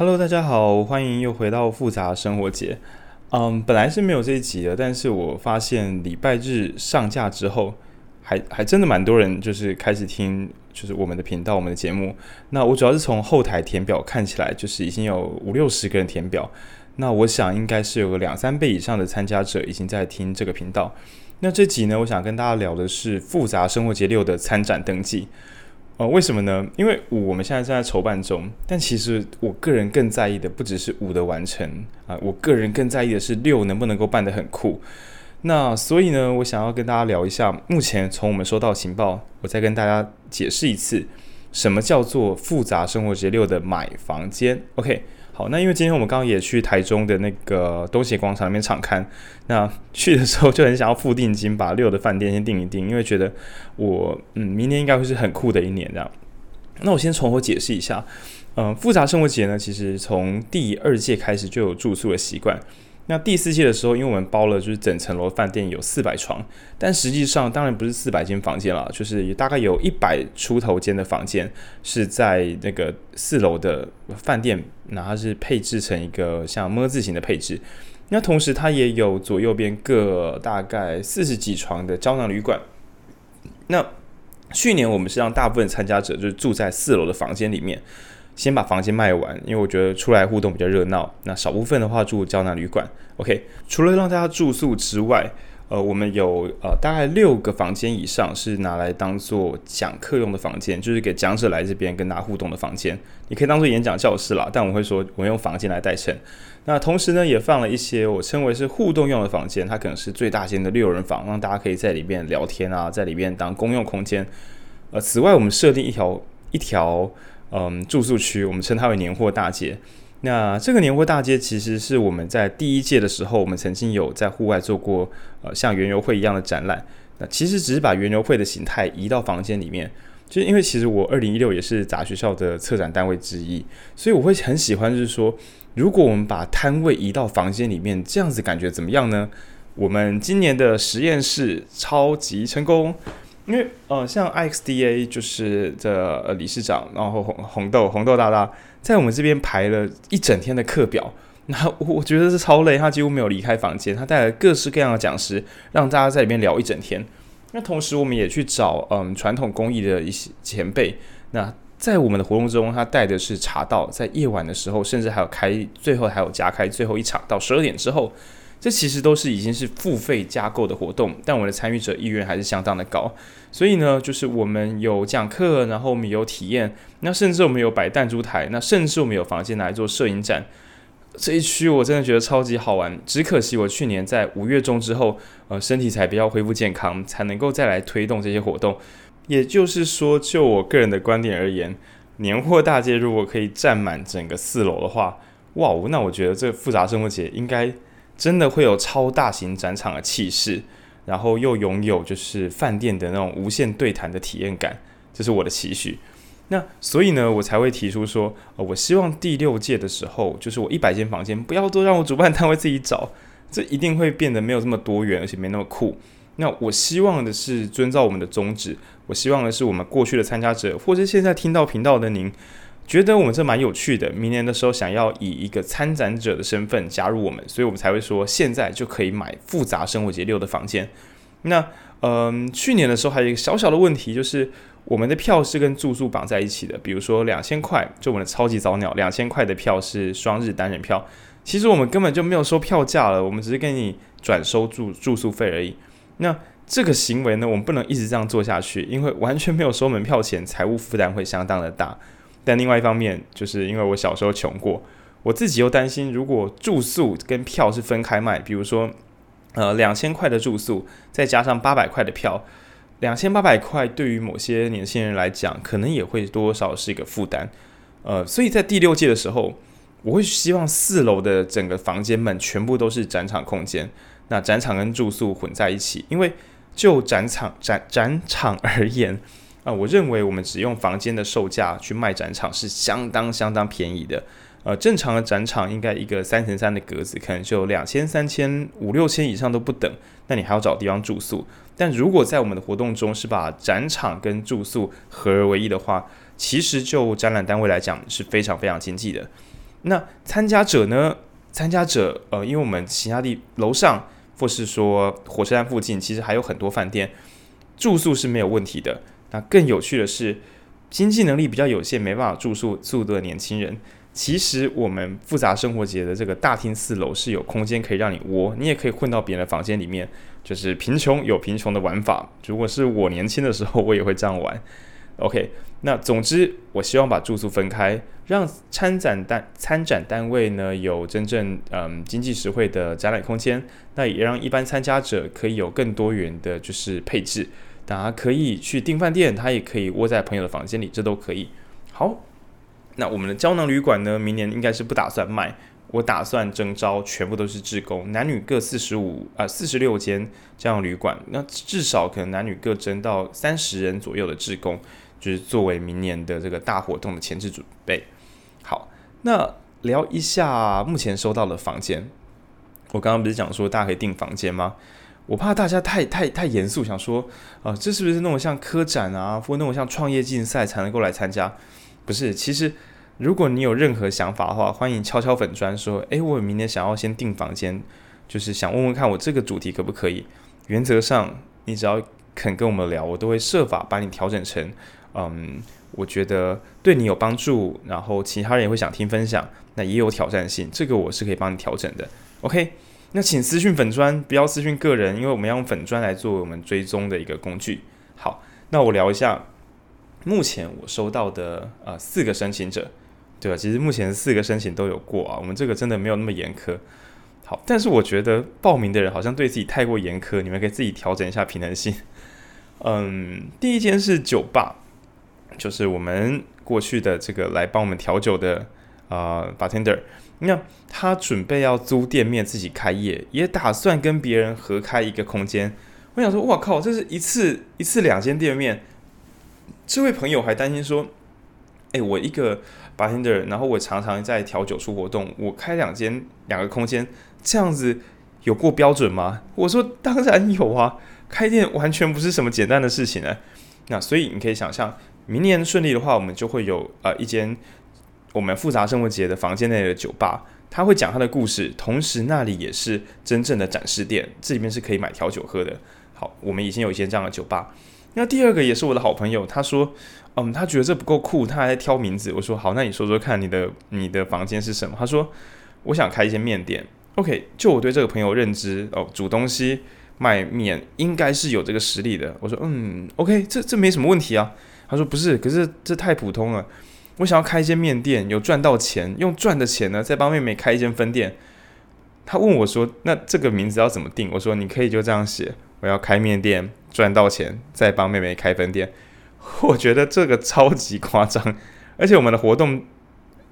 Hello，大家好，歡迎又回到複雜生活節。嗯、um，本來是沒有這一集的，但是我發現禮拜日上架之後，還還真的蠻多人就是開始聽，就是我們的頻道、我們的節目。那我主要是從後台填表看起來，就是已經有五六十個人填表。那我想應該是有個兩三倍以上的參加者已經在聽這個頻道。那這集呢，我想跟大家聊的是複雜生活節六的參展登記。呃、哦，為什麼呢？因為五我們現在正在籌辦中，但其實我個人更在意的不只是五的完成啊，我個人更在意的是六能不能夠辦得很酷。那所以呢，我想要跟大家聊一下，目前從我們收到情報，我再跟大家解釋一次，什麼叫做複雜生活節六的買房間？OK。好，那因為今天我們剛剛也去台中的那個東協廣場那邊場刊，那去的時候就很想要付定金，把六的飯店先定一定，因為覺得我嗯明年應該會是很酷的一年這樣。那我先從頭解釋一下，嗯，複雜生活節呢，其實從第二屆開始就有住宿的習慣。那第四屆的時候，因為我們包了就是整層樓飯店，有四百床，但實際上當然不是四百間房間了，就是大概有一百出頭間的房間是在那個四樓的飯店，然後是配置成一個像 “ㄇ” 字形的配置。那同時它也有左右邊各大概四十幾床的膠囊旅館。那去年我們是讓大部分參加者就是住在四樓的房間裡面。先把房間賣完，因為我覺得出來互動比較熱鬧。那少部分的話住膠囊旅館。OK，除了讓大家住宿之外，呃，我們有呃大概六個房間以上是拿來當做講課用的房間，就是給講者來這邊跟大家互動的房間，你可以當做演講教室啦。但我會說我們用房間來代稱。那同時呢，也放了一些我稱為是互動用的房間，它可能是最大間的六人房，讓大家可以在裡面聊天啊，在裡面當公用空間。呃，此外我們設定一條一條。嗯，住宿區我們稱它為年貨大街。那這個年貨大街其實是我們在第一屆的時候，我們曾經有在戶外做過呃像園遊會一樣的展覽。那其實只是把園遊會的形態移到房間裡面，就是因為其實我二零一六也是雜學校的策展單位之一，所以我會很喜歡就是說，如果我們把攤位移到房間裡面，這樣子感覺怎麼樣呢？我們今年的實驗室超級成功。因為呃，像 IXDA 就是的呃理事長，然後紅紅豆紅豆大大在我們這邊排了一整天的課表，那我覺得是超累，他幾乎沒有離開房間，他帶了各式各樣的講師，讓大家在裡面聊一整天。那同時我們也去找嗯傳統工藝的一些前輩，那在我們的活動中，他帶的是茶道，在夜晚的時候甚至還有開最後還有加開最後一場到十二點之後。這其實都是已經是付費加購的活動，但我的參與者意願還是相當的高。所以呢，就是我們有講課，然後我們有體驗，那甚至我們有擺彈珠台，那甚至我們有房間拿來做攝影展。這一區我真的覺得超級好玩，只可惜我去年在五月中之後，呃，身體才比較恢復健康，才能夠再來推動這些活動。也就是說，就我個人的觀點而言，年貨大街如果可以佔滿整個四樓的話，哇哦，那我覺得這複雜生活節應該。真的會有超大型展場的氣勢，然後又擁有就是飯店的那種無限對談的體驗感，這，就是我的期許。那所以呢，我才會提出說，呃、我希望第六屆的時候，就是我一百間房間不要都讓我主辦單位自己找，這一定會變得沒有這麼多元，而且沒那麼酷。那我希望的是遵照我們的宗旨，我希望的是我們過去的參加者，或者現在聽到頻道的您。覺得我們這蠻有趣的，明年的時候想要以一個參展者的身份加入我們，所以我們才會說現在就可以買複雜生活節六的房間。那嗯，去年的時候還有一個小小的問題，就是我們的票是跟住宿綁在一起的，比如說兩千塊，就我們的超級早鳥，兩千塊的票是雙日單人票。其實我們根本就沒有收票價了，我們只是給你轉收住住宿費而已。那這個行為呢，我們不能一直這樣做下去，因為完全沒有收門票錢，財務負擔會相當的大。但另外一方面，就是因為我小時候窮過，我自己又擔心，如果住宿跟票是分開賣，比如說，呃，兩千塊的住宿，再加上八百塊的票，兩千八百塊對於某些年輕人來講，可能也會多少是一個負擔。呃，所以在第六屆的時候，我會希望四樓的整個房間們全部都是展場空間，那展場跟住宿混在一起，因為就展場展展場而言。啊、呃，我認為我們只用房間的售價去賣展場是相當相當便宜的。呃，正常的展場應該一個三乘三的格子，可能就兩千、三千、五六千以上都不等。那你還要找地方住宿。但如果在我們的活動中是把展場跟住宿合而為一的話，其實就展覽單位來講是非常非常經濟的。那參加者呢？參加者，呃，因為我們其他地樓上或是說火車站附近，其實還有很多飯店，住宿是沒有問題的。那更有趣的是，經濟能力比較有限，沒辦法住宿住宿的年輕人，其實我們複雜生活節的這個大廳四樓是有空間可以讓你窩，你也可以混到別人的房間裡面。就是貧窮有貧窮的玩法。如果是我年輕的時候，我也會這樣玩。OK，那總之，我希望把住宿分開，讓參展單參展單位呢有真正嗯經濟實惠的展覽空間，那也讓一般參加者可以有更多元的，就是配置。那可以去訂飯店，他也可以窩在朋友的房間裡，這都可以。好，那我們的膠囊旅館呢？明年應該是不打算賣，我打算徵招全部都是志工，男女各四十五啊，四十六間這樣旅館，那至少可能男女各徵到三十人左右的志工，就是作為明年的這個大活動的前置準備。好，那聊一下目前收到的房間。我剛剛不是講說大家可以訂房間嗎？我怕大家太太太嚴肅，想說啊、呃，這是不是那種像科展啊，或那種像創業競賽才能夠來參加？不是，其實如果你有任何想法的話，歡迎敲敲粉專說，誒、欸，我明年想要先訂房間，就是想問問看我這個主題可不可以？原則上，你只要肯跟我們聊，我都會設法把你調整成，嗯，我覺得對你有幫助，然後其他人也會想聽分享，那也有挑戰性，這個我是可以幫你調整的。OK。那請私訊粉專，不要私訊個人，因為我們要用粉專來做我們追蹤的一個工具。好，那我聊一下目前我收到的呃四個申請者，對吧？其實目前四個申請都有過啊，我們這個真的沒有那麼嚴苛。好，但是我覺得報名的人好像對自己太過嚴苛，你們可以自己調整一下平衡性。嗯，第一間是酒吧，就是我們過去的這個來幫我們調酒的啊，bartender。呃 Bart 你看，那他準備要租店面自己開業，也打算跟別人合開一個空間。我想說，哇靠，這是一次一次兩間店面。這位朋友還擔心說：“誒、欸，我一個 bartender，然後我常常在調酒出活動，我開兩間兩個空間，這樣子有過標準嗎？”我說：“當然有啊，開店完全不是什麼簡單的事情呢。”那所以你可以想象，明年順利的話，我們就會有呃一間。我們複雜生活節的房間內的酒吧，他會講他的故事，同時那裡也是真正的展示店，這裡面是可以買調酒喝的。好，我們以前有一些這樣的酒吧。那第二個也是我的好朋友，他說，嗯，他覺得這不夠酷，他還在挑名字。我說好，那你說說看，你的你的房間是什麼？他說，我想開一間麵店。OK，就我對這個朋友認知，哦，煮東西賣麵應該是有這個實力的。我說，嗯，OK，這這沒什麼問題啊。他說不是，可是這，這太普通了。我想要開一間麵店，有賺到錢，用賺的錢呢再幫妹妹開一間分店。他問我說：“那這個名字要怎麼定？”我說：“你可以就這樣寫，我要開麵店，賺到錢再幫妹妹開分店。”我覺得這個超級誇張，而且我們的活動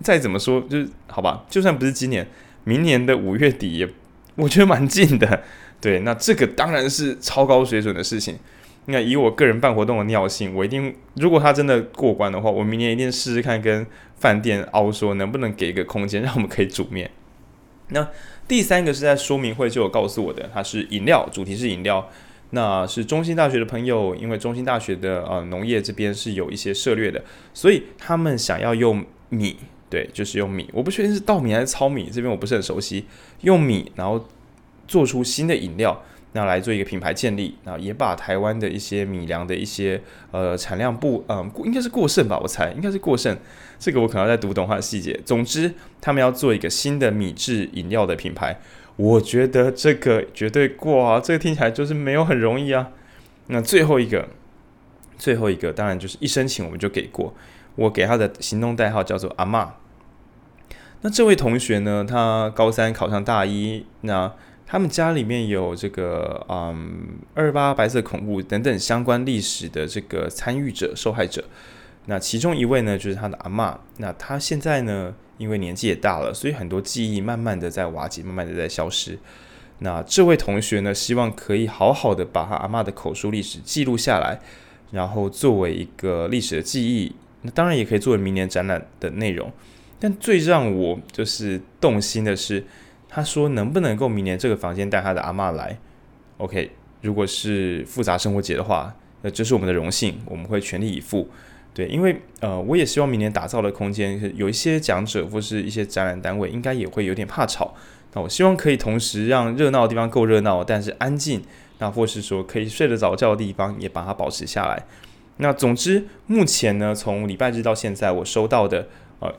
再怎麼說就是好吧，就算不是今年，明年的五月底也我覺得蠻近的。對，那這個當然是超高水準的事情。那以我個人辦活動的尿性，我一定，如果他真的過關的話，我明年一定試試看跟飯店凹說，能不能給一個空間，讓我們可以煮麵。那第三個是在說明會就有告訴我的，它是飲料，主題是飲料。那是中興大學的朋友，因為中興大學的呃農業這邊是有一些涉獵的，所以他們想要用米，對，就是用米。我不確定是稻米還是糙米，這邊我不是很熟悉。用米然後做出新的飲料。那來做一個品牌建立，那也把台灣的一些米糧的一些呃產量不，嗯、呃，應該是過剩吧，我猜應該是過剩。這個我可能要再讀懂它的細節。總之，他們要做一個新的米製飲料的品牌，我覺得這個絕對過啊，這個聽起來就是沒有很容易啊。那最後一個，最後一個當然就是一申請我們就給過，我給他的行動代號叫做阿嬤。那這位同學呢，他高三考上大一，那。他們家裡面有這個，嗯，二八白色恐怖等等相關歷史的這個參與者、受害者。那其中一位呢，就是他的阿嬤。那他現在呢，因為年紀也大了，所以很多記憶慢慢的在瓦解，慢慢的在消失。那這位同學呢，希望可以好好的把他阿嬤的口述歷史記錄下來，然後作為一個歷史的記憶。那當然也可以作為明年展覽的內容。但最讓我就是動心的是。他說：“能不能夠明年這個房間帶他的阿嬤來？OK，如果是複雜生活節的話，那這是我們的榮幸，我們會全力以赴。對，因為呃，我也希望明年打造的空間有一些講者或是一些展覽單位，應該也會有點怕吵。那我希望可以同時讓熱鬧的地方夠熱鬧，但是安靜，那或是說可以睡得著覺的地方也把它保持下來。那總之，目前呢，從禮拜日到現在，我收到的。”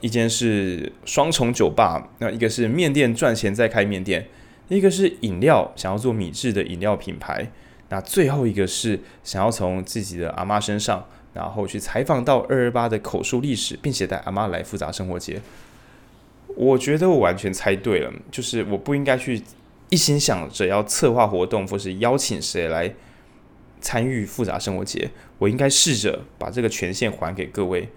一間是雙重酒吧，那一個是麵店賺錢再開麵店，一個是飲料想要做米製的飲料品牌，那最後一個是想要從自己的阿媽身上，然後去採訪到二二八的口述歷史，並且帶阿媽來複雜生活節。我覺得我完全猜對了，就是我不應該去一心想着要策劃活動或是邀請誰來參與複雜生活節，我應該試着把這個權限還給各位。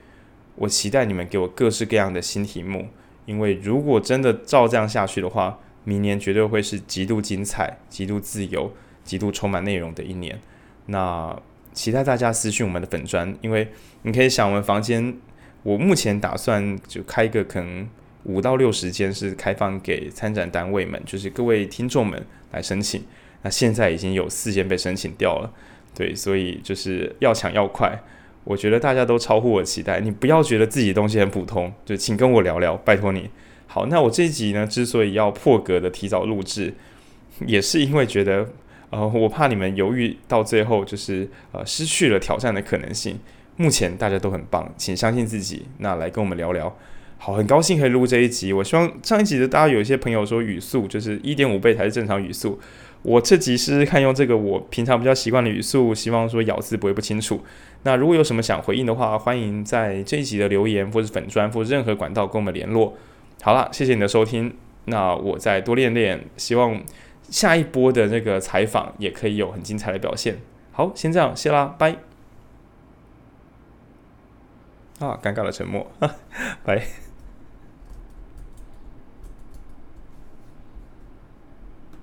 我期待你們給我各式各樣的新題目，因為如果真的照這樣下去的話，明年絕對會是極度精彩、極度自由、極度充滿內容的一年。那期待大家私訊我們的粉專，因為你可以想我們房間，我目前打算就開個可能五到六十間是開放給參展單位們，就是各位聽眾們來申請。那現在已經有四間被申請掉了，對，所以就是要搶要快。我覺得大家都超乎我期待，你不要覺得自己的東西很普通，就請跟我聊聊，拜託你。好，那我這一集呢，之所以要破格的提早錄製，也是因為覺得，呃，我怕你們猶豫到最後，就是呃，失去了挑戰的可能性。目前大家都很棒，請相信自己，那來跟我們聊聊。好，很高興可以錄這一集。我希望上一集的大家有一些朋友說語速就是一點五倍才是正常語速。我這集試試看用這個我平常比較習慣的語速，希望說咬字不會不清楚。那如果有什麼想回應的話，歡迎在這一集的留言，或者粉專，或是任何管道跟我們聯絡。好了，謝謝你的收聽。那我再多練練，希望下一波的這個採訪也可以有很精彩的表現。好，先這樣，謝啦，拜。啊，尷尬的沉默，哈哈，拜。